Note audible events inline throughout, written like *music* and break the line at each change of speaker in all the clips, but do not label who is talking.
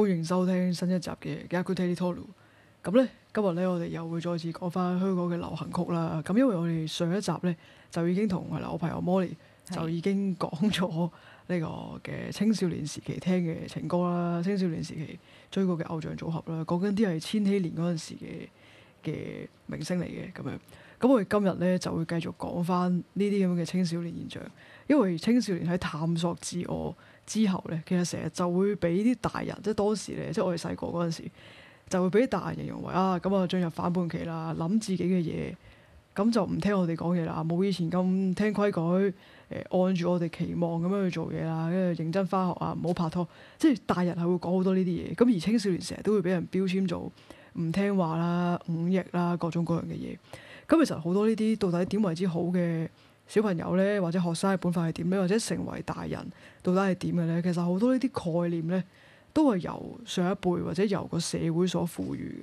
歡迎收聽新一集嘅《I Could Tell You》。咁咧今日咧我哋又會再次講翻香港嘅流行曲啦。咁因為我哋上一集咧就已經同我朋友 Molly 就已經講咗呢個嘅青少年時期聽嘅情歌啦，青少年時期追過嘅偶像組合啦，講緊啲係千禧年嗰陣時嘅嘅明星嚟嘅咁樣。咁我哋今日咧就會繼續講翻呢啲咁嘅青少年現象，因為青少年喺探索自我。之後咧，其實成日就會俾啲大人，即係當時咧，即係我哋細個嗰陣時，就會俾啲大人形容為啊，咁啊進入反叛期啦，諗自己嘅嘢，咁就唔聽我哋講嘢啦，冇以前咁聽規矩，誒按住我哋期望咁樣去做嘢啦，跟住認真返學啊，唔好拍拖，即係大人係會講好多呢啲嘢。咁而青少年成日都會俾人標籤做唔聽話啦、忤逆啦各種各樣嘅嘢。咁其實好多呢啲到底點為之好嘅？小朋友咧，或者學生嘅本分係點咧，或者成為大人到底係點嘅咧？其實好多呢啲概念咧，都係由上一輩或者由個社會所賦予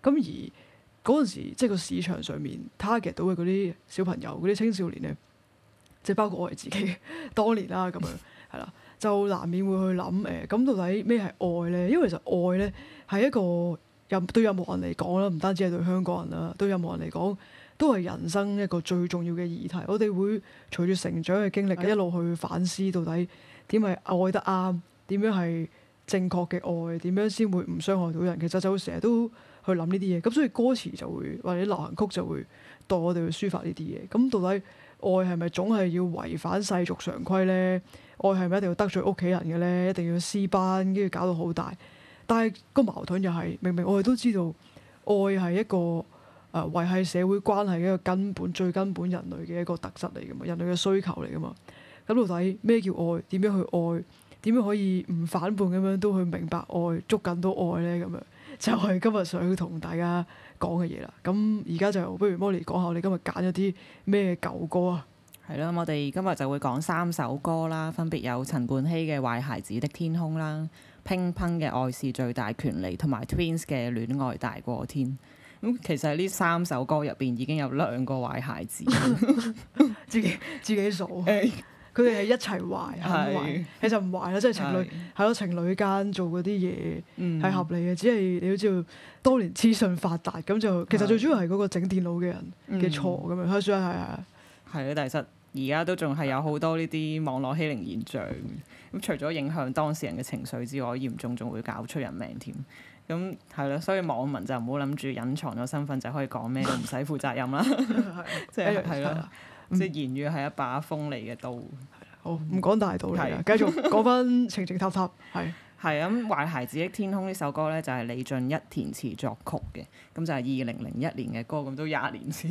嘅。咁而嗰陣時，即係個市場上面 target 到嘅嗰啲小朋友、嗰啲青少年咧，即係包括我哋自己 *laughs* 當年啦，咁樣係啦，就難免會去諗誒，咁到底咩係愛咧？因為其實愛咧係一個對任何人嚟講啦，唔單止係對香港人啦，對任何人嚟講。都係人生一個最重要嘅議題，我哋會隨住成長嘅經歷，一路去反思到底點係愛得啱，點樣係正確嘅愛，點樣先會唔傷害到人。其實就會成日都去諗呢啲嘢，咁所以歌詞就會或者流行曲就會代我哋去抒發呢啲嘢。咁到底愛係咪總係要違反世俗常規呢？愛係咪一定要得罪屋企人嘅呢？一定要私奔，跟住搞到好大。但係個矛盾又係，明明我哋都知道愛係一個。誒、啊、維繫社會關係嘅一個根本、最根本人類嘅一個特質嚟噶嘛，人類嘅需求嚟噶嘛。咁到底咩叫愛？點樣去愛？點樣可以唔反叛咁樣都去明白愛、捉緊到愛呢？咁樣就係今日想同大家講嘅嘢啦。咁而家就不如 Moely 講下你今日揀一啲咩舊
歌啊？係啦，我哋今日就會講三首歌啦，分別有陳冠希嘅《壞孩子的天空》啦、乒乓嘅《愛是最大權利》同埋 Twins 嘅《戀愛大過天》。咁其實呢三首歌入邊已經有兩個壞孩子，
*laughs* 自己自己數。佢哋係一齊壞，係是其實唔壞啦，即、就、係、是、情侶喺個情侶間做嗰啲嘢係合理嘅。嗯、只係你好似道多年資訊發達，咁就其實最主要係嗰個整電腦嘅人嘅錯咁樣，係算係係
啦。但係其實而家都仲係有好多呢啲網絡欺凌現象，咁除咗影響當事人嘅情緒之外，嚴重仲會搞出人命添。咁係咯，所以網民就唔好諗住隱藏咗身份就可以講咩，唔使負責任啦、 *laughs* *laughs* 就是。即係係咯，即係、嗯、言語係一把鋒利嘅刀。
嗯、好，唔講大道理，係啊，繼續講翻
情情塔塔。係係咁，《壞孩子》的天空呢首歌咧，就係李俊一、填詞作曲嘅，咁就係二零零一年嘅歌，咁都廿年前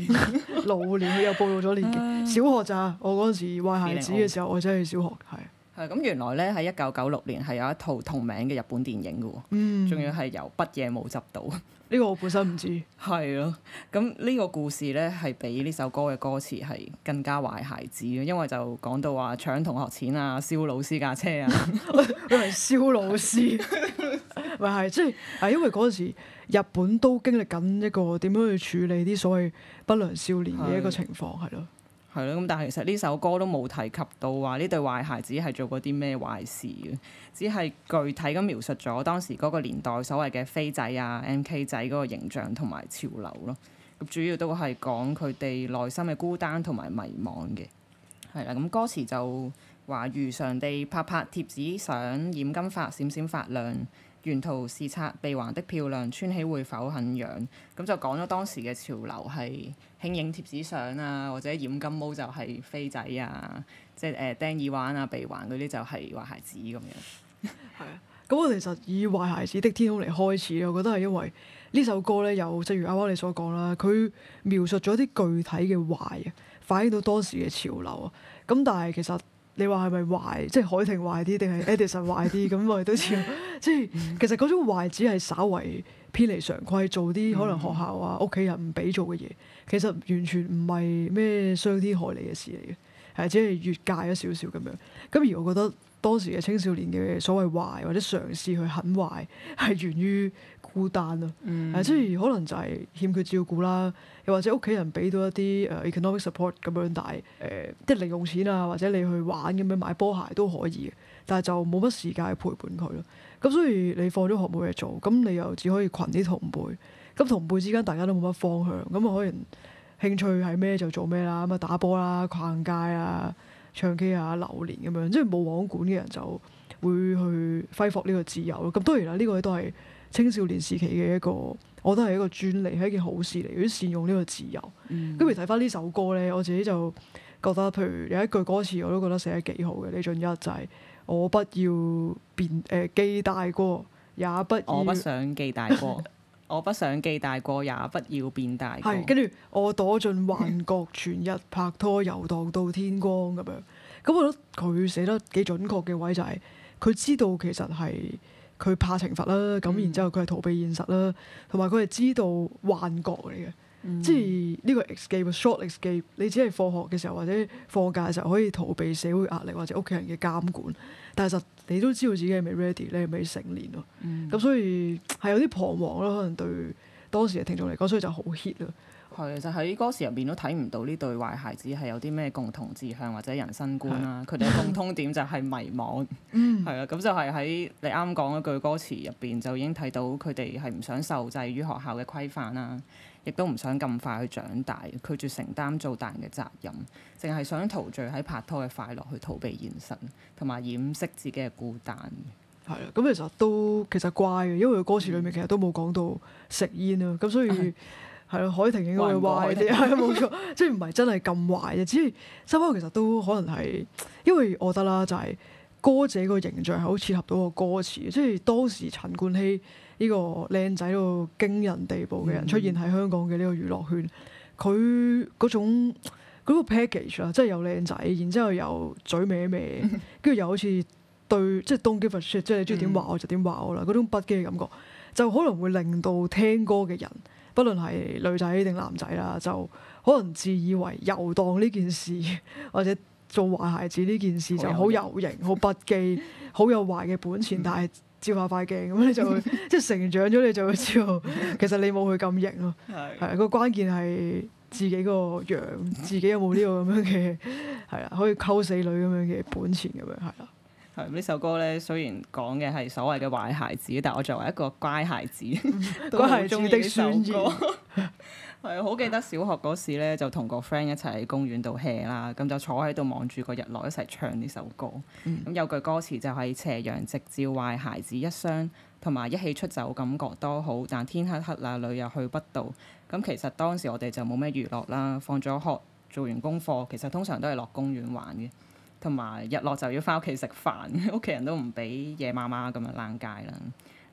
老 *laughs* 年，佢又暴露咗年紀，小學咋？我嗰陣時壞孩子嘅時候，我真係小學，係。
係咁，原來咧喺一九九六年係有一套同名嘅日本電影㗎喎，仲要係由北野武執導。呢個我本身唔知。係咯，咁呢個故事咧係比呢首歌嘅歌詞係更加壞孩子，因為就講到話搶同學錢啊、燒老師架車啊、
燒、嗯、 *laughs* 老師，咪係即係，係、就是、因為嗰陣時日本都經歷緊一個點樣去處理啲所謂不良少年嘅一個情況，係咯。
係咯，咁但係其實呢首歌都冇提及到話呢對壞孩子係做過啲咩壞事嘅，只係具體咁描述咗當時嗰個年代所謂嘅飛仔啊、M.K. 仔嗰個形象同埋潮流咯。咁主要都係講佢哋內心嘅孤單同埋迷惘嘅。係啦，咁歌詞就話如常地拍拍貼紙相，染金髮閃閃發亮。沿途視察鼻環的漂亮，穿起會否很癢？咁就講咗當時嘅潮流係輕影貼紙相啊，或者染金毛就係飛仔啊，即係誒、呃、釘耳環啊、鼻環嗰啲就係壞孩子咁樣。
係啊，咁我其實以壞孩子的天空嚟開始，我覺得係因為呢首歌咧，又正如啱啱你所講啦，佢描述咗啲具體嘅壞啊，反映到當時嘅潮流啊。咁但係其實。你話係咪壞？即係海婷壞啲，定係 Edison 壞啲？咁 *laughs* 我哋都知道，即係其實嗰種壞只係稍微偏離常規，做啲可能學校啊、屋企人唔俾做嘅嘢，其實完全唔係咩傷天害理嘅事嚟嘅，係只係越界咗少少咁樣。咁而我覺得。當時嘅青少年嘅所謂壞或者嘗試去很壞，係源於孤單咯。啊、嗯，所以、呃、可能就係欠缺照顧啦，又或者屋企人俾到一啲誒、uh, economic support 咁樣，但係即係零用錢啊，或者你去玩咁樣買波鞋都可以，但係就冇乜時間去陪伴佢咯。咁所以你放咗學冇嘢做，咁你又只可以群啲同輩，咁同輩之間大家都冇乜方向，咁啊可能興趣係咩就做咩啦，咁啊打波啦、逛街啊。唱 K 啊，流連咁樣，即係冇網管嘅人就會去揮霍呢個自由咯。咁當然啦，呢、這個都係青少年時期嘅一個，我覺得係一個專利，係一件好事嚟。如果善用呢個自由，咁、嗯、而睇翻呢首歌咧，我自己就覺得，譬如有一句歌詞，我都覺得寫得幾好嘅。呢種一就係、是、我不要變誒、呃，記大過，也不要。我不想
記大過。 *laughs* 我不想記大過也，也不要變大過。係，跟住
我躲進幻覺，全日拍拖，遊蕩到天光咁樣。咁我覺得佢寫得幾準確嘅位就係、係，佢知道其實係佢怕懲罰啦。咁然之後佢係逃避現實啦，同埋佢係知道幻覺嚟嘅。嗯、即係呢個 escape、short escape，你只係放學嘅時候或者放假嘅時候可以逃避社會壓力或者屋企人嘅監管，但係實你都知道自己係未 ready，你係未成年咯。咁、嗯、所以係有啲彷徨咯。可能對當時嘅聽眾嚟講，所以就好 hit 咯。係，就喺、係、歌詞入邊都睇唔到呢對壞孩子係有
啲咩共同志向或者人生觀啦。佢哋嘅共通點就係迷茫。係啊， *laughs* 咁就係喺你啱講嗰句歌詞入邊就已經睇到佢哋係唔想受制於學校嘅規範啦。亦都唔想咁快去長大，拒絕承擔做大人嘅責任，淨係想陶醉喺拍拖嘅快樂，去逃避現實，同埋掩飾自己嘅孤單。
係啊，咁其實都其實乖嘅，因為歌詞裏面其實都冇講到食煙啊。咁所以係咯的，海婷應該會壞啲，係冇錯，即係唔係真係咁壞嘅，只係周柏豪其實都可能係，因為我得啦，就係、是。歌者個形象係好切合到個歌詞，即係當時陳冠希呢個靚仔到驚人地步嘅人出現喺香港嘅呢個娛樂圈，佢嗰種嗰個 package 啦，即係又靚仔，然之後又嘴歪歪，跟住 *laughs* 又好似對即係 don't give a shit，即係你中意點話我就點話我啦，嗰種不羈嘅感覺，就可能會令到聽歌嘅人，不論係女仔定男仔啦，就可能自以為遊蕩呢件事或者。做壞孩子呢件事有就好有型、好 *laughs* 不羈、好有壞嘅本錢， *laughs* 但係照下塊鏡咁，你就會即係成長咗，你就會知道其實你冇佢咁型咯。係的，個關鍵係自己個樣，自己有冇呢個咁樣嘅係啦，可以溝死女咁樣嘅本錢咁樣係啦。
係呢 *laughs* 首歌咧，雖然講嘅係所謂嘅壞孩子，但係我作為一個乖孩子，乖孩子的意係啊，好記得小學嗰時咧，就同個 friend 一齊喺公園度 hea 啦，咁就坐喺度望住個日落，一齊唱呢首歌。咁、嗯、有句歌詞就係、是、斜陽直照壞孩子一雙，同埋一起出走感覺多好，但天黑黑啊，旅遊去不到。咁其實當時我哋就冇咩娛樂啦，放咗學做完功課，其實通常都係落公園玩嘅，同埋日落就要翻屋企食飯，屋 *laughs* 企人都唔俾夜媽媽咁樣 𨅷 街啦。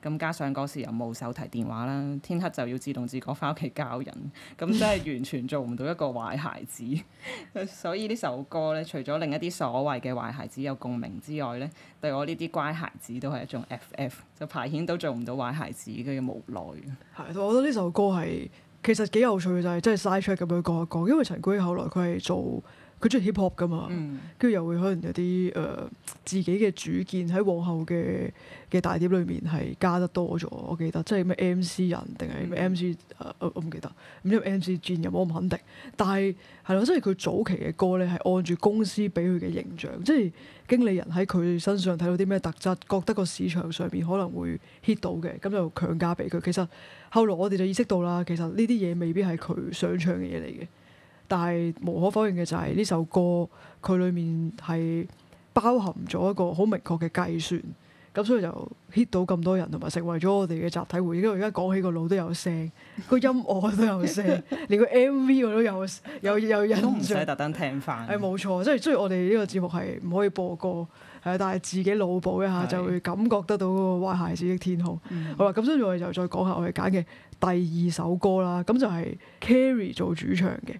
咁加上嗰時又冇手提電話啦，天黑就要自動自覺翻屋企交人，咁真係完全做唔到一個壞孩子。 *laughs* 所以呢首歌咧，除咗令一啲所謂嘅壞孩子有共鳴之外咧，對我呢啲乖孩子都係一種 FF，就排遣都做唔到壞孩子嘅無奈。
係，我覺得呢首歌係其實幾有趣，就係即係 side track 咁樣講一講，因為陳冠希後來佢係做。佢中意 hip hop 㗎嘛，跟住、mm. 又會可能有啲誒、呃、自己嘅主見喺往後嘅嘅大碟裏面係加得多咗，我記得，即係咩 MC 人定係咩 MC，、mm. 呃、我我唔記得，咁因為 MC 戰又我唔肯定。但係係咯，即係佢早期嘅歌咧係按住公司俾佢嘅形象，即係經理人喺佢身上睇到啲咩特質，覺得個市場上面可能會 hit 到嘅，咁就強加俾佢。其實後來我哋就意識到啦，其實呢啲嘢未必係佢想唱嘅嘢嚟嘅。但係無可否認嘅就係呢首歌，佢裡面係包含咗一個好明確嘅計算。咁所以就 hit 到咁多人，同埋成為咗我哋嘅集體回憶。因為而家講起個腦都有聲，個 *laughs* 音樂都有聲，連個 MV 我都有有有印象。都唔使特登聽翻。係冇錯，即係雖然我哋呢個節目係唔可以播歌，係但係自己腦補一下就會感覺得到嗰個《壞孩子的天空》嗯。好啦，咁所以我哋就再講下我哋揀嘅第二首歌啦。咁就係 Carrie 做主唱嘅。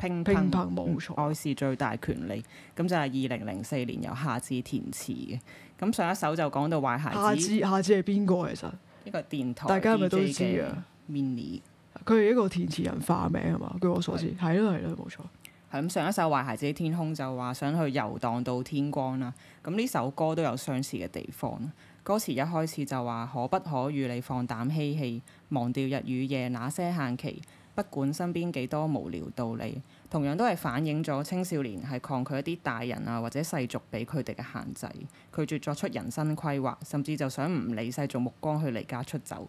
乒乓，冇錯，愛是
最大權利。咁就係二零零四年由夏至填詞嘅。咁上一首就講
到壞孩子。夏至，夏至係邊個其實？呢
個電台、e，大家係咪都知啊。Mini，
佢係一個填詞人化名係嘛？據我所知係咯，係咯，冇錯。
係咁、啊、上一首壞孩子的天空就話想去遊蕩到天光啦。咁呢首歌都有相似嘅地方。歌詞一開始就話可不可與你放膽嬉戲，忘掉日與夜那些限期。不管身邊幾多無聊道理，同樣都係反映咗青少年係抗拒一啲大人啊或者世俗俾佢哋嘅限制，拒絕作出人生規劃，甚至就想唔理世俗目光去離家出走。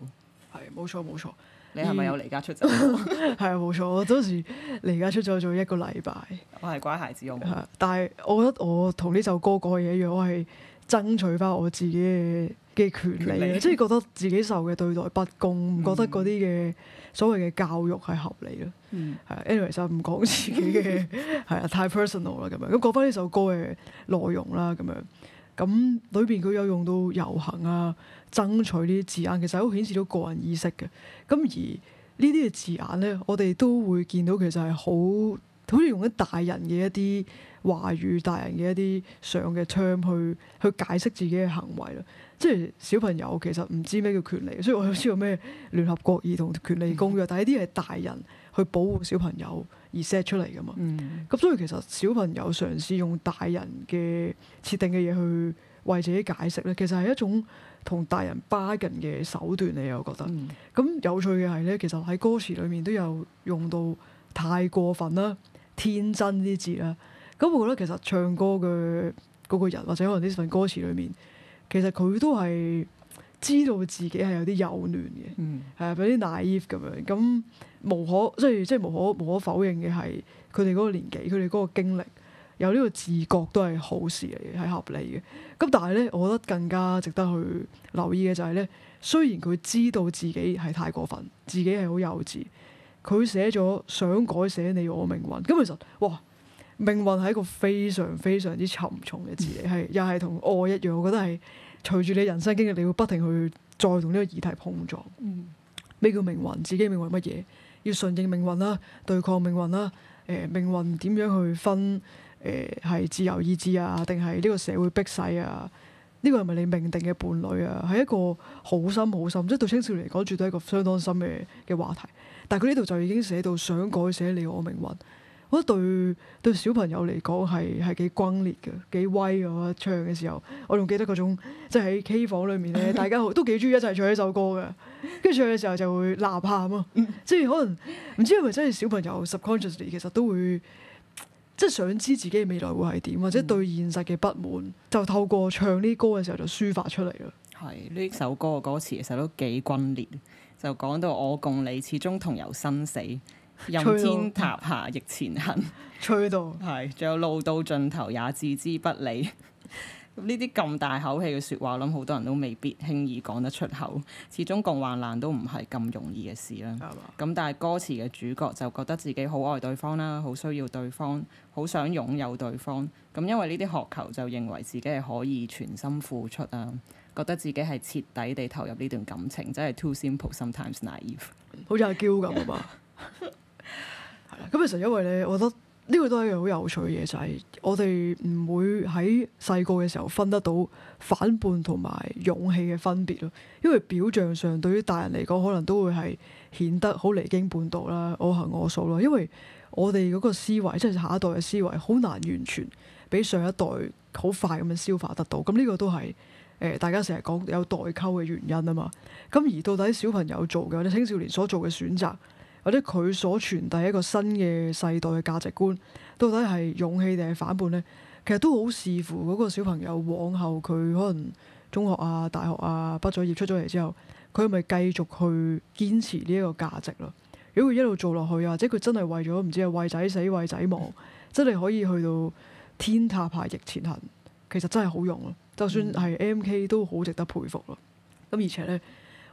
係冇錯冇錯，錯錯而你係咪有離家出走？係 *laughs* 啊，冇錯，我當時離家出走咗一個禮拜。
我係乖孩
子，用、啊，但係我覺得我同呢首歌講嘅一樣，我係爭取翻我自己嘅。嘅權利，即係覺得自己受嘅對待不公，唔、嗯、覺得嗰啲嘅所謂嘅教育係合理咯。嗯，係。Anyways 就唔講自己嘅係啊， *laughs* *laughs* 太 personal 啦咁樣。咁講翻呢首歌嘅內容啦咁樣，咁裏邊佢有用到遊行啊、爭取呢啲字眼，其實都顯示到個人意識嘅。咁而呢啲嘅字眼咧，我哋都會見到其實係好。好似用一大人嘅一啲話語、大人嘅一啲上嘅 term 去去解釋自己嘅行為啦，即係小朋友其實唔知咩叫權利，所以我有知道咩聯合國兒童權利公約，嗯、但係呢啲係大人去保護小朋友而 set 出嚟噶嘛。咁、嗯、所以其實小朋友嘗試用大人嘅設定嘅嘢去為自己解釋咧，其實係一種同大人 bargain 嘅手段嚟，我覺得。咁、嗯、有趣嘅係咧，其實喺歌詞裏面都有用到太過分啦。天真啲字啦，咁我覺得其實唱歌嘅嗰個人或者可能呢份歌詞裏面，其實佢都係知道自己係有啲幼嫩嘅，係、嗯、有啲 naive 咁樣。咁無可即係即係無可無可否認嘅係佢哋嗰個年紀，佢哋嗰個經歷有呢個自覺都係好事嚟嘅，係合理嘅。咁但係呢，我覺得更加值得去留意嘅就係呢：雖然佢知道自己係太過分，自己係好幼稚。佢寫咗想改寫你我命運咁，其實哇，命運係一個非常非常之沉重嘅字嚟，係又係同愛一樣，我覺得係隨住你人生經歷，你要不停去再同呢個議題碰撞。嗯，咩叫命運？自己命運乜嘢？要順應命運啦、啊，對抗命運啦、啊。誒、呃，命運點樣去分？誒、呃，係自由意志啊，定係呢個社會迫使啊？呢個係咪你命定嘅伴侶啊？係一個好深好深，即、就、係、是、對青少年嚟講，絕對係一個相當深嘅嘅話題。但佢呢度就已經寫到想改寫你我命運，我覺得對對小朋友嚟講係係幾轟烈嘅，幾威啊！我唱嘅時候，我仲記得嗰種即係喺 K 房裏面咧，大家好都幾中意一齊唱一首歌嘅。跟住唱嘅時候就會吶喊啊，即係 *laughs* 可能唔知係咪真係小朋友 subconsciously 其實都會即係、就是、想知自己嘅未來會係點，或者對現實嘅不滿，就透過唱呢歌嘅時候就抒發出嚟咯。
係呢首歌嘅歌詞其實都幾轟烈。就講到我共你始終同遊生死，
任天塌
下亦前行。吹到。係，仲有路到盡頭，也置之不理。咁呢啲咁大口氣嘅説話，諗好多人都未必輕易講得出口，始終共患難都唔係咁容易嘅事啦。咁吧但係歌詞嘅主角就覺得自己好愛對方啦，好需要對方，好想擁有對方。咁因為呢啲渴求就認為自己係可以全心付出啊，覺得自己係徹底地投入呢段感情，真係 too simple sometimes naive。好似阿嬌
咁啊嘛。咁其實因為咧，我覺得。呢個都係一樣好有趣嘅嘢，就係、是、我哋唔會喺細個嘅時候分得到反叛同埋勇氣嘅分別咯。因為表象上對於大人嚟講，可能都會係顯得好離經半道離經叛道啦、我行我素啦。因為我哋嗰個思維，即係下一代嘅思維，好難完全俾上一代好快咁樣消化得到。咁呢個都係誒、呃、大家成日講有代溝嘅原因啊嘛。咁而到底小朋友做嘅，或者青少年所做嘅選擇，或者佢所傳遞一個新嘅世代嘅價值觀，到底係勇氣定係反叛呢？其實都好視乎嗰個小朋友往後佢可能中學啊、大學啊畢咗業出咗嚟之後，佢係咪繼續去堅持呢一個價值咯？如果佢一路做落去，或者佢真係為咗唔知係為仔死為仔亡，嗯、真係可以去到天塌下亦前行，其實真係好勇咯！就算係 MK 都好值得佩服咯。咁而且呢，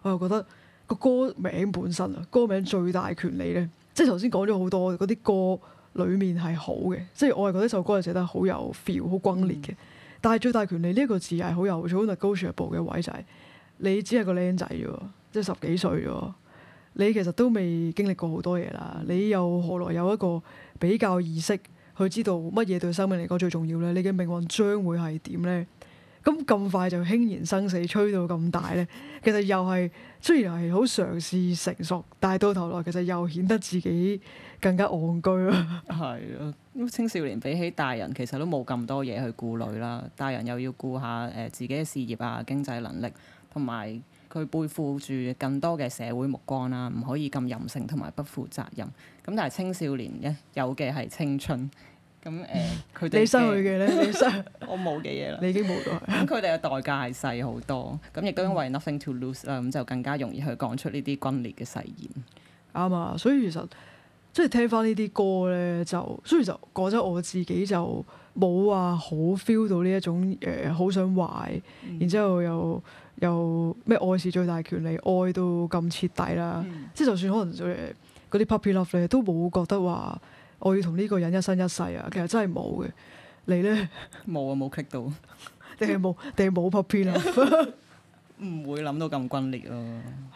我又覺得。個歌名本身啊，歌名最大權利呢，即係頭先講咗好多嗰啲歌裡面係好嘅，即係我係覺得首歌係寫得好有 feel、好轟烈嘅。嗯、但係最大權利呢一、這個字係好有好 challengeable 嘅位就係、是，你只係個僆仔啫喎，即係十幾歲啫喎，你其實都未經歷過好多嘢啦，你又何來有一個比較意識去知道乜嘢對生命嚟講最重要呢？你嘅命運將會係點呢？咁咁快就輕言生死，吹到咁大咧，其實又係雖然係好嘗試成熟，但係到頭來其實又顯得自己更加戇居咯。係啊，因為青少年比起
大人其實都冇咁多嘢去顧慮啦。大人又要顧下誒自己嘅事業啊、經濟能力，同埋佢背負住更多嘅社會目光啦，唔可以咁任性同埋不負責任。咁但係青少年咧，有嘅係青春。咁
誒佢哋失去嘅咧，
我冇嘅嘢啦，你已經冇咗。佢哋嘅代價係細好多，咁亦都因為 nothing to lose 啦，咁就更加容易去講出呢啲轟烈嘅誓言。
啱啊，所以其實即係聽翻呢啲歌咧，就，是、就所以就講真，我自己就冇話好 feel 到呢一種誒，好、uh, 想壞，嗯、然之後又又咩愛是最大權利，愛到咁徹底啦，即係、嗯、就算可能誒嗰啲 puppy love 咧，都冇覺得話。我要同呢個人一生一世啊，其實真係冇嘅。你咧冇 *laughs* 啊，冇 *laughs* kick *laughs* 到，定係冇定係冇拍片 p 啊？唔會諗到咁轟烈咯。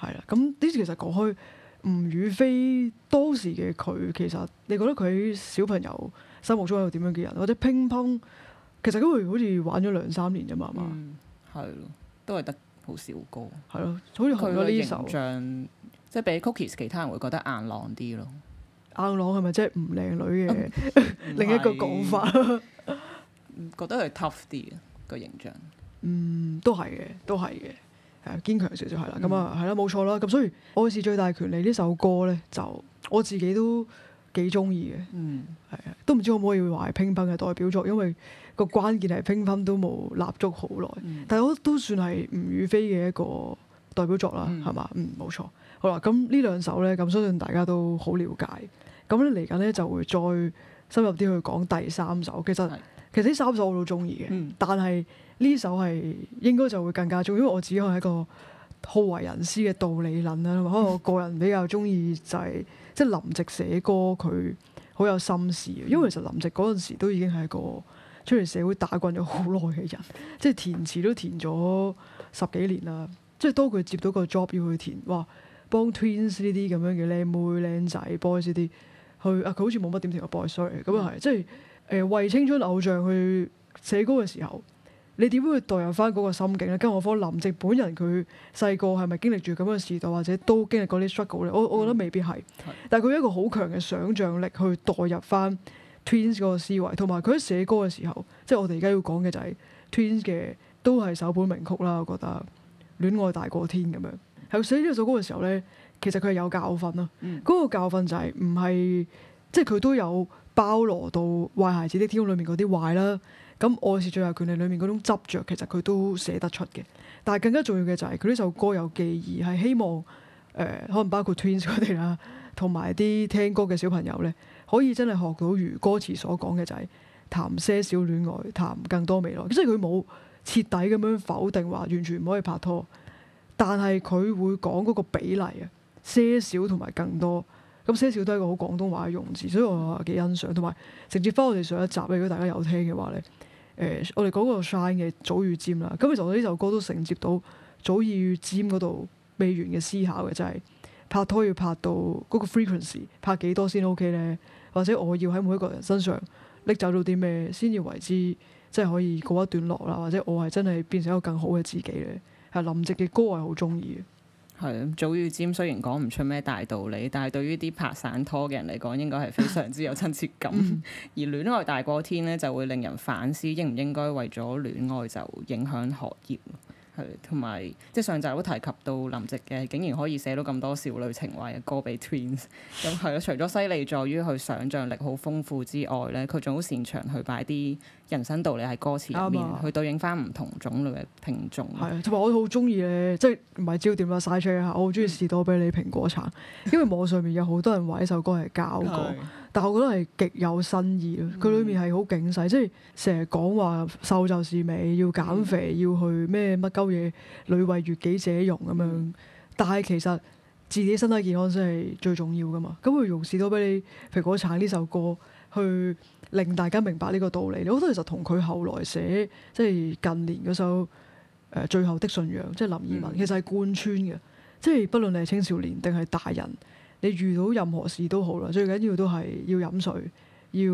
係啦，咁呢次其實講開，吳雨霏當時嘅佢，其實你覺得佢小朋友心目中有個點樣嘅人？或者乒乓，其實都佢好似玩咗兩三年啫嘛嘛，係咯、嗯，都係得好少歌。係咯，好似佢個形象即係比 Cookies 其他人會覺得
硬朗啲咯。
硬朗係咪即係唔靚女嘅、嗯、另一個講法？
是 *laughs* 覺得係 tough 啲嘅個形象，
嗯，都係嘅，都係嘅，誒，堅強少少係啦，咁啊、嗯，係啦、嗯，冇錯啦。咁所以《愛是最大權利》呢首歌咧，就我自己都幾中意嘅，嗯，係啊，都唔知可唔可以話係乒乓嘅代表作，因為個關鍵係乒乓都冇立足好耐，嗯、但係我都都算係吳雨霏嘅一個代表作啦，係嘛，嗯，冇、嗯、錯。好啦，咁呢兩首呢，咁相信大家都好了解。咁咧嚟緊呢，就會再深入啲去講第三首。其實是其實呢三首我都中意嘅，嗯、但係呢首係應該就會更加鍾，因為我自己係一個好為人師嘅道理論啦。可能我個人比較中意就係即係林夕寫歌，佢好有心事。因為其實林夕嗰陣時都已經係一個出嚟社會打滾咗好耐嘅人，即、就、係、是、填詞都填咗十幾年啦。即係當佢接到個 job 要去填，哇！幫 Twins 呢啲咁樣嘅靚妹靚仔 boys 啲去啊佢好似冇乜點停過 boy sorry 咁啊係即係誒、呃、為青春偶像去寫歌嘅時候，你點樣代入翻嗰個心境呢？跟我方林夕本人佢細個係咪經歷住咁嘅時代，或者都經歷過啲 struggle 咧？我我覺得未必係， *music* 但係佢一個好強嘅想像力去代入翻 Twins 嗰個思維，同埋佢喺寫歌嘅時候，即係我哋而家要講嘅就係、是、Twins 嘅都係首本名曲啦。我覺得《戀愛大過天》咁樣。有寫呢首歌嘅時候呢，其實佢係有教訓咯。嗰、嗯、個教訓就係唔係，即係佢都有包羅到壞孩子啲天空裏面嗰啲壞啦。咁愛是最大權利裏面嗰種執著，其實佢都寫得出嘅。但係更加重要嘅就係佢呢首歌有寄意，係希望誒、呃，可能包括 Twins 佢哋啦，同埋啲聽歌嘅小朋友呢，可以真係學到如歌詞所講嘅、就是，就係談些少戀愛，談更多未來。即係佢冇徹底咁樣否定話，完全唔可以拍拖。但係佢會講嗰個比例啊，些少同埋更多，咁些少都係個好廣東話嘅用字，所以我幾欣賞。同埋直接翻我哋上一集，如果大家有聽嘅話咧，誒、呃、我哋講個 shine 嘅早與尖啦，咁其實我呢首歌都承接到早與尖嗰度未完嘅思考嘅，就係、是、拍拖要拍到嗰個 frequency 拍幾多先 OK 咧，或者我要喺每一個人身上拎走到啲咩先至為之，即係可以告一段落啦，或者我係真係變成一個更好嘅自己咧。係林夕嘅歌，係好鍾意嘅。
係啊，祖與占雖然講唔出咩大道理，但係對於啲拍散拖嘅人嚟講，應該係非常之有親切感。 *laughs* 而戀愛大過天咧，就會令人反思，應唔應該為咗戀愛就影響學業？係，同埋即上集都提及到林夕嘅，竟然可以寫到咁多少女情懷嘅歌俾 Twins。咁係咯，除咗犀利在於佢想像力好豐富之外咧，佢仲好擅長去擺啲人生道理喺歌詞入面，對吧去對應翻唔同種類嘅聽眾。係，
同埋我好中意咧，即唔係焦點啦，嘥出一下，我好中意士多啤梨蘋果橙，因為網上面有好多人話呢首歌係膠歌。對但係我覺得係極有新意咯，佢裏、嗯、面係好警世，即係成日講話瘦就是美，要減肥，嗯、要去咩乜鳩嘢女為悅己者容咁樣。嗯、但係其實自己身體健康先係最重要噶嘛。咁佢用士多啤梨蘋果橙」呢首歌去令大家明白呢個道理。你好多其實同佢後來寫即係近年嗰首誒最後的信仰，即係林二汶，嗯、其實係貫穿嘅，即係不論你係青少年定係大人。你遇到任何事都好啦，最緊要都係要飲水，要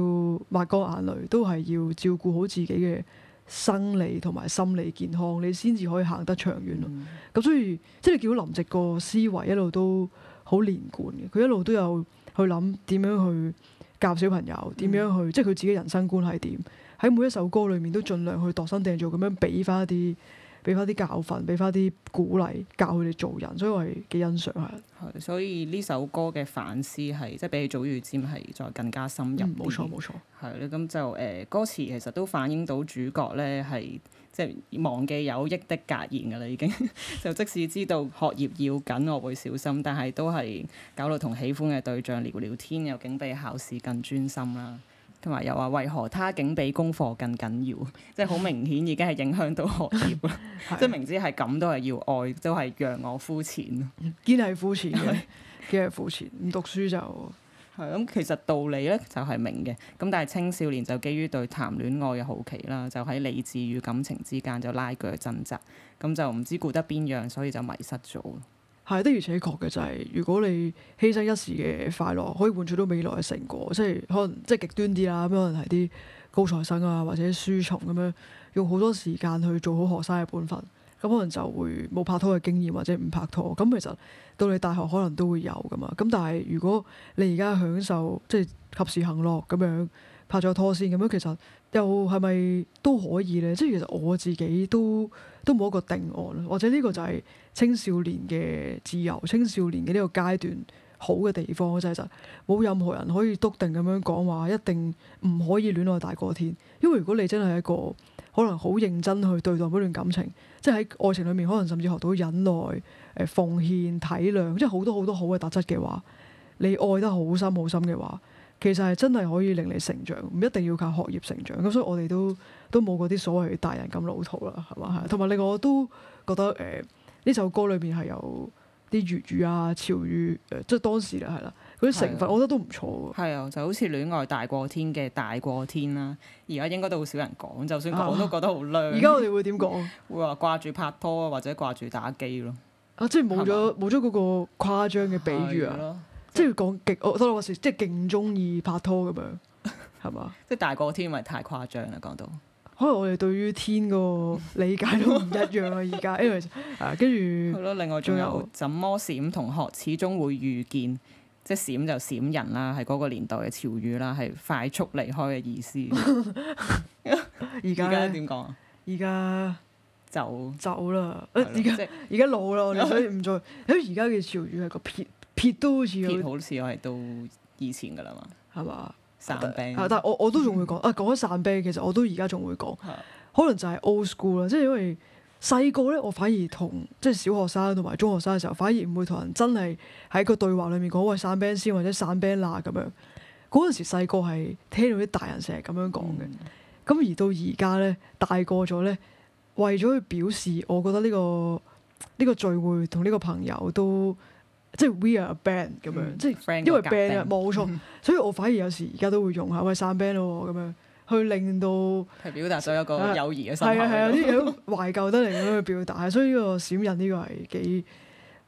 抹乾眼淚，都係要照顧好自己嘅生理同埋心理健康，你先至可以行得長遠咯。咁、嗯、所以即係叫林夕個思維一路都好連貫嘅，佢一路都有去諗點樣去教小朋友，點樣去、嗯、即係佢自己人生觀係點，喺每一首歌裏面都盡量去度身訂做咁樣俾翻一啲。俾翻啲教訓，俾翻啲鼓勵，教佢哋做人，所以我係幾欣賞下。
係，所以呢首歌嘅反思係即係比起《祖與占》係再更加深入啲。嗯、冇錯，冇錯。係咧，咁就誒、呃、歌詞其實都反映到主角咧係即係忘記有益的格言噶啦，已經 *laughs* 就即使知道學業要緊，我會小心，但係都係搞到同喜歡嘅對象聊聊天，又竟比考試更專心啦。同埋又話，為何他竟比功課更緊要？即係好明顯已經係影響到學業啦。 *laughs* 即係明知係咁都係要愛，都係讓我膚淺咯。堅係、嗯、膚， *laughs* 膚淺，堅係膚淺。唔讀書就係咁。其實道理咧就係、是、明嘅，咁但係青少年就基於對談戀愛嘅好奇啦，就喺理智與感情之間就拉鋸掙扎，咁就唔知顧
得邊樣，所以就迷失咗。係的，而且確嘅就係，如果你犧牲一時嘅快樂，可以換取到未來嘅成果，即係可能即係極端啲啦，可能係啲高材生啊，或者書蟲咁樣，用好多時間去做好學生嘅本分，咁可能就會冇拍拖嘅經驗或者唔拍拖。咁其實到你大學可能都會有噶嘛，咁但係如果你而家享受即係及時行樂咁樣拍咗拖先，咁樣其實，又係咪都可以咧？即係其實我自己都都冇一個定案。或者呢個就係青少年嘅自由，青少年嘅呢個階段好嘅地方，真係就冇、是、任何人可以篤定咁樣講話，一定唔可以戀愛大過天。因為如果你真係一個可能好認真去對待嗰段感情，即係喺愛情裡面可能甚至學到忍耐、誒、呃、奉獻、體諒，即係好多，多好多好嘅特質嘅話，你愛得好深好深嘅話。其實係真係可以令你成長，唔一定要靠學業成長。咁所以我哋都都冇嗰啲所謂大人咁老土啦，係嘛？係。同埋另外我都覺得誒呢、呃、首歌裏邊係有啲粵語啊、潮語誒、呃，即係當時啦，係啦，嗰啲成分我覺得都唔錯。係啊，
就好似戀愛大過天嘅大
過天啦。而家
應該都好少人講，就算講都覺得好靚。而家、啊、我哋會點講？會話掛住拍拖或者掛住打機咯。
啊！即係冇咗冇咗嗰個誇張嘅比喻啊。即係講極，我多咗個即係勁中意拍拖咁樣，係嘛？
*laughs* 即係大過天因為太誇張啦，講到
可能我哋對於天嘅理解都唔
一樣啦、啊。而家，跟住、啊、另外仲有，有怎麼閃同學始終會遇見，即係閃就閃人啦，係嗰個年代嘅潮語啦，係快速離開嘅意思。
而家點講啊？而家 *laughs* 就，就走啦。而家了老啦，我哋所以唔再。咁而家嘅潮語係個撇。撇都好似，好似我係到以前噶啦嘛，係嘛散 band。Sand bank? *laughs* 但係我我都仲會講，啊講散 band，bank, 其實我都而家仲會講。 *laughs* 可能就係 old school 啦，即係因為細個咧，我反而同即係、就是、小學生同埋中學生嘅時候，反而唔會同人真係喺個對話裏面講喂散 band 先或者散 band 啦咁樣。嗰陣時細個係聽到啲大人成日咁樣講嘅，咁、嗯、而到而家咧大個咗咧，為咗去表示，我覺得呢、這個呢、這個聚會同呢個朋友都。即係 we are a band 咁樣，即係因為 band 冇鞋錯， *laughs* 所以我反而有時而家都會用下，喂散 band 咯咁樣，去令到
係 *laughs* *laughs* 表達咗一個友誼嘅心態，係啊， *laughs* 啲
懷舊得嚟咁去表達，所以呢個閃印呢個係幾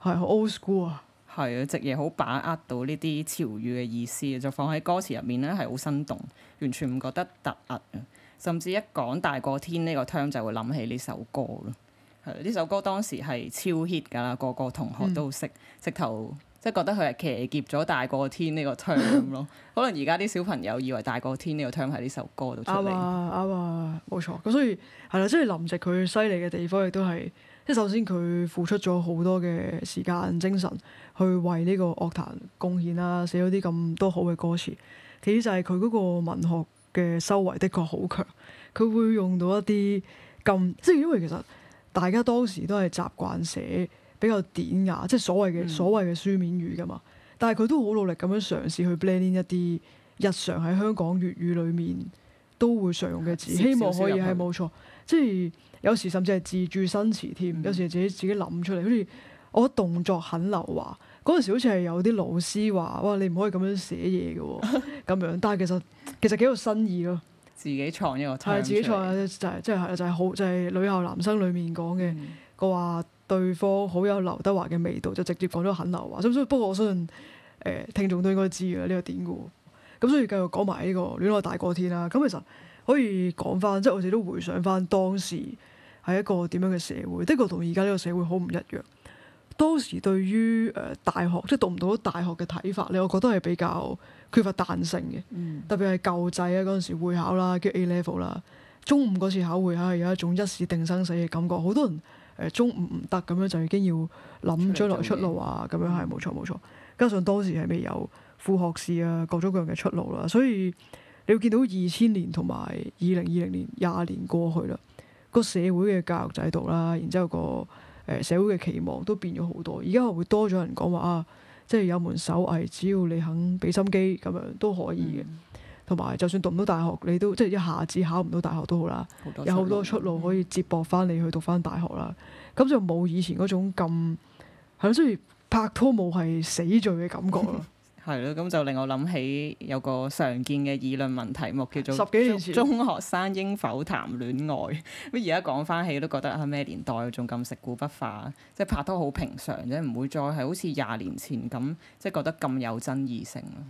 係好 old school 啊，
係啊， *laughs* 直爺好把握到呢啲潮語嘅意思，就放喺歌詞入面咧係好生動，完全唔覺得突兀，甚至一講大過天呢個 theme 就會諗起呢首歌咯。係，呢首歌當時係超 hit 㗎啦，個個同學都識，直頭、嗯、即係覺得佢係騎劫咗大過天呢個唱咯。 *laughs* 可能而家啲小朋友以為大過天呢個唱係呢首歌度出嚟。啱啊、嗯，
啱、嗯、啊，冇、嗯、錯。咁所以係啦、就是，即係林夕佢犀利嘅地方亦都係，即係首先佢付出咗好多嘅時間、精神去為呢個樂壇貢獻啦，寫咗啲咁多好嘅歌詞。其次就係佢嗰個文學嘅修為，的確好強。佢會用到一啲咁，即係因為其實。大家當時都係習慣寫比較典雅，即係所謂嘅所謂嘅書面語㗎嘛。但係佢都好努力咁樣嘗試去 blend in 一啲日常喺香港粵語裡面都會常用嘅字，希望可以係冇錯。即係有時甚至係自注新詞添，有時自己自己諗出嚟，好似我覺得動作很流華。嗰陣時好似係有啲老師話：「哇，你唔可以咁樣寫嘢㗎喎，咁樣，但係其實其實幾有新意咯。自己創一個差，自己創，就係即係就係、是、好就係、是就是、女校男生裡面講嘅個話，對方好有劉德華嘅味道，就直接講咗很劉華。所不，不過我相信誒、呃、聽眾都應該知嘅呢、這個典故。咁所以繼續講埋呢個戀愛大過天啦。咁其實可以講翻，即、就、係、是、我哋都回想翻當時係一個點樣嘅社會，的確同而家呢個社會好唔一樣。當時對於誒大學，即係讀唔到大學嘅睇法咧，我覺得係比較缺乏彈性嘅，嗯、特別係舊制啊嗰陣時會考啦，叫 A level 啦，中五嗰次考會考係有一種一試定生死嘅感覺，好多人誒中五唔得咁樣就已經要諗將來出路啊，咁、嗯、樣係冇錯冇錯。加上當時係未有副學士啊各種各樣嘅出路啦，所以你會見到二千年同埋二零二零年廿年過去啦，個社會嘅教育制度啦，然之後、個。誒社會嘅期望都變咗好多，而家會多咗人講話啊，即係有門手藝，只要你肯俾心機，咁樣都可以嘅。同埋、嗯、就算讀唔到大學，你都即係一下子考唔到大學都好啦，有好多出路可以接駁翻你去讀翻大學啦。咁、嗯嗯、就冇以前嗰種咁係咯，即係拍拖冇係死罪嘅感覺啦。 *laughs*
係咯，咁就令我諗起有個常見嘅議論文題目叫做十幾年中學生應否談戀愛。咁而家講翻起都覺得係咩年代仲咁食古不化，即係拍拖好平常啫，唔會再係好似廿年前咁，即係覺得咁有爭議性咯。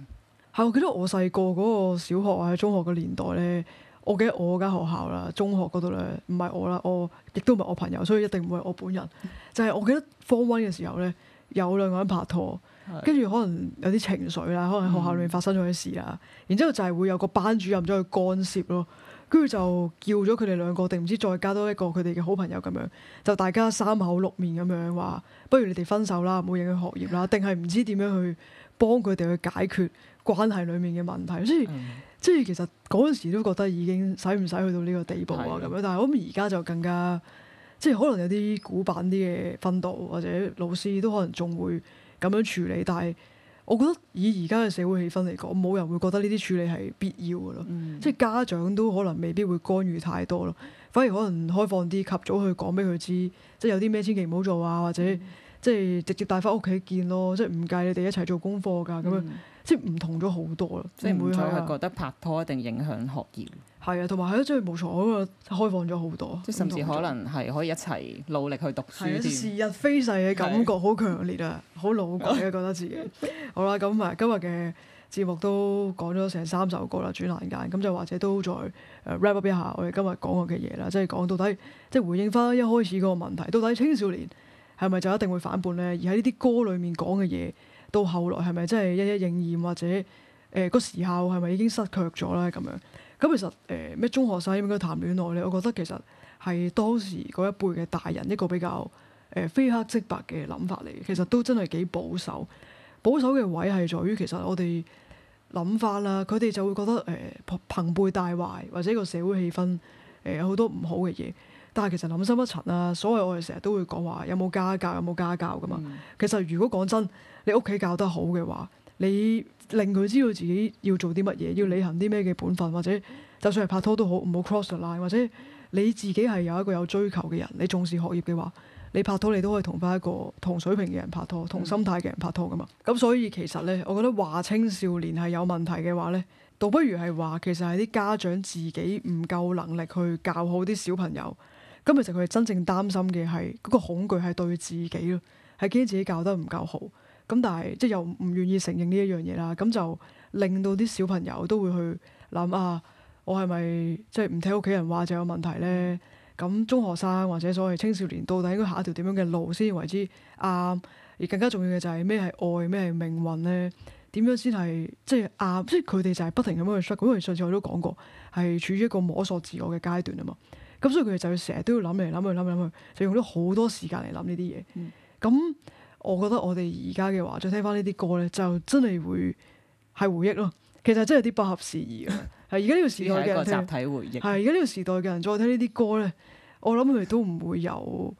係，我記得我細個嗰個小學啊、中學嘅年代咧，我記得我間學校啦，中學嗰度咧，唔係我啦，我亦都唔係我朋友，所以一定唔會係我本人。就係我記得 Form One 嘅時候咧，有兩個人拍拖。跟住可能有啲情緒啦，可能喺學校裏面發生咗啲事啦，嗯、然之後就係會有個班主任走去干涉咯，跟住就叫咗佢哋兩個，定唔知再加多一個佢哋嘅好朋友咁樣，就大家三口六面咁樣話，不如你哋分手啦，唔好影響學業啦，定係唔知點樣去幫佢哋去解決關係裏面嘅問題。所以、嗯、即係其實嗰陣時都覺得已經使唔使去到呢個地步啊咁樣，的但係我諗而家就更加即係可能有啲古板啲嘅訓導或者老師都可能仲會咁樣處理，但係我覺得以而家嘅社會氣氛嚟講，冇人會覺得呢啲處理係必要嘅咯。嗯、即係家長都可能未必會干預太多咯，反而可能開放啲，及早去講俾佢知，即係有啲咩千祈唔好做啊，或者即係直接帶翻屋企見咯，嗯、即係唔計你哋一齊做功課㗎咁樣，嗯、即係唔同咗好多咯。即係唔再係覺
得拍拖一定影響學業。係啊，同埋係咯，真
係無錯啊！開放咗好多，即係甚至可能係可以一齊努力去讀書。係啊，時日飛逝嘅感覺好強烈啊，好的老鬼啊， *laughs* 覺得自己好啦。咁啊，今日嘅節目都講咗成三首歌啦，轉眼間咁就或者都再 rap up 一下我哋今日講過嘅嘢啦，即係講到底，即係回應翻一開始嗰個問題，到底青少年係咪就一定會反叛呢？而喺呢啲歌裡面講嘅嘢，到後來係咪真係一一應驗，或者誒個時候係咪已經失卻咗呢？咁樣。咁其實誒咩、呃、中學生應該談戀愛咧？我覺得其實係當時嗰一輩嘅大人一個比較誒、呃、非黑即白嘅諗法嚟，其實都真係幾保守。保守嘅位係在於其實我哋諗法啦，佢哋就會覺得誒朋輩帶壞或者個社會氣氛誒有、呃、好多唔好嘅嘢。但係其實諗深一層啊，所謂我哋成日都會講話有冇家教，有冇家教㗎嘛。嗯、其實如果講真，你屋企教得好嘅話，你令佢知道自己要做啲乜嘢，要履行啲咩嘅本分，或者就算係拍拖都好，唔好 cross the line。或者你自己係有一個有追求嘅人，你重視學業嘅話，你拍拖你都可以同翻一個同水平嘅人拍拖，同心態嘅人拍拖噶嘛。咁、嗯、所以其實咧，我覺得話青少年係有問題嘅話咧，倒不如係話其實係啲家長自己唔夠能力去教好啲小朋友。咁其實佢哋真正擔心嘅係嗰個恐懼係對自己咯，係驚自己教得唔夠好。咁但係即係又唔願意承認呢一樣嘢啦，咁就令到啲小朋友都會去諗啊，我係咪即係唔聽屋企人話就有問題咧？咁中學生或者所謂青少年到底應該下一條點樣嘅路先為之啱？啊，而更加重要嘅就係咩係愛，咩係命運咧？點樣先係即係啱？即係佢哋就係不停咁樣去 shut，因為上次我都講過係處於一個摸索自我嘅階段啊嘛。咁所以佢哋就成日都要諗嚟諗去諗去諗去，去，就用咗好多時間嚟諗呢啲嘢。咁、嗯我覺得我哋而家嘅話，再聽翻呢啲歌咧，就真係會係回憶咯。其實真係有啲不合時宜嘅。係而家呢個時代嘅人聽，集體回憶。係而家呢個時代嘅人再聽呢啲歌咧，我諗佢哋都唔會有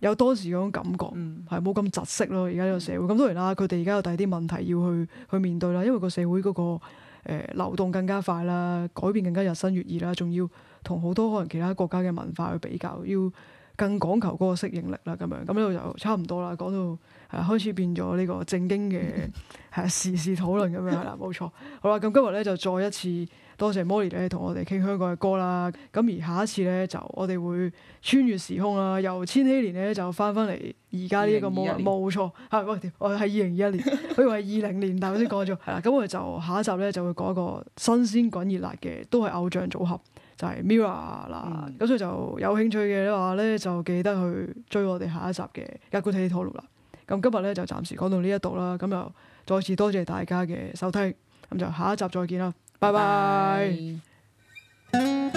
有當時嗰種感覺，係冇咁窒息咯。而家呢個社會咁，當然啦，佢哋而家有第二啲問題要去去面對啦。因為個社會嗰個誒流動更加快啦，改變更加日新月異啦，仲要同好多可能其他國家嘅文化去比較，要。更講求嗰個適應力啦，咁樣咁呢度就差唔多啦，講到係、啊、開始變咗呢個正經嘅係、 *laughs* 啊、時事討論咁樣係啦，冇錯。好啦，咁今日咧就再一次多謝 Molly 咧同我哋傾香港嘅歌啦。咁、啊、而下一次咧就我哋會穿越時空啊，由千禧年咧就翻返嚟而家呢一個 moment，冇 2021 錯。係、啊，我哋我係二零二一年，佢 *laughs* 以為二零年， *laughs* 但係我先講咗。咁我哋就下一集咧就會講一個新鮮滾熱辣嘅，都係偶像組合。就係 Mirror 啦，咁、嗯、所以就有興趣嘅話咧，就記得去追我哋下一集嘅《Argo Tito》啦。咁今日咧就暫時講到呢一度啦，咁又再次多謝大家嘅收聽，咁就下一集再見啦，拜拜。拜拜。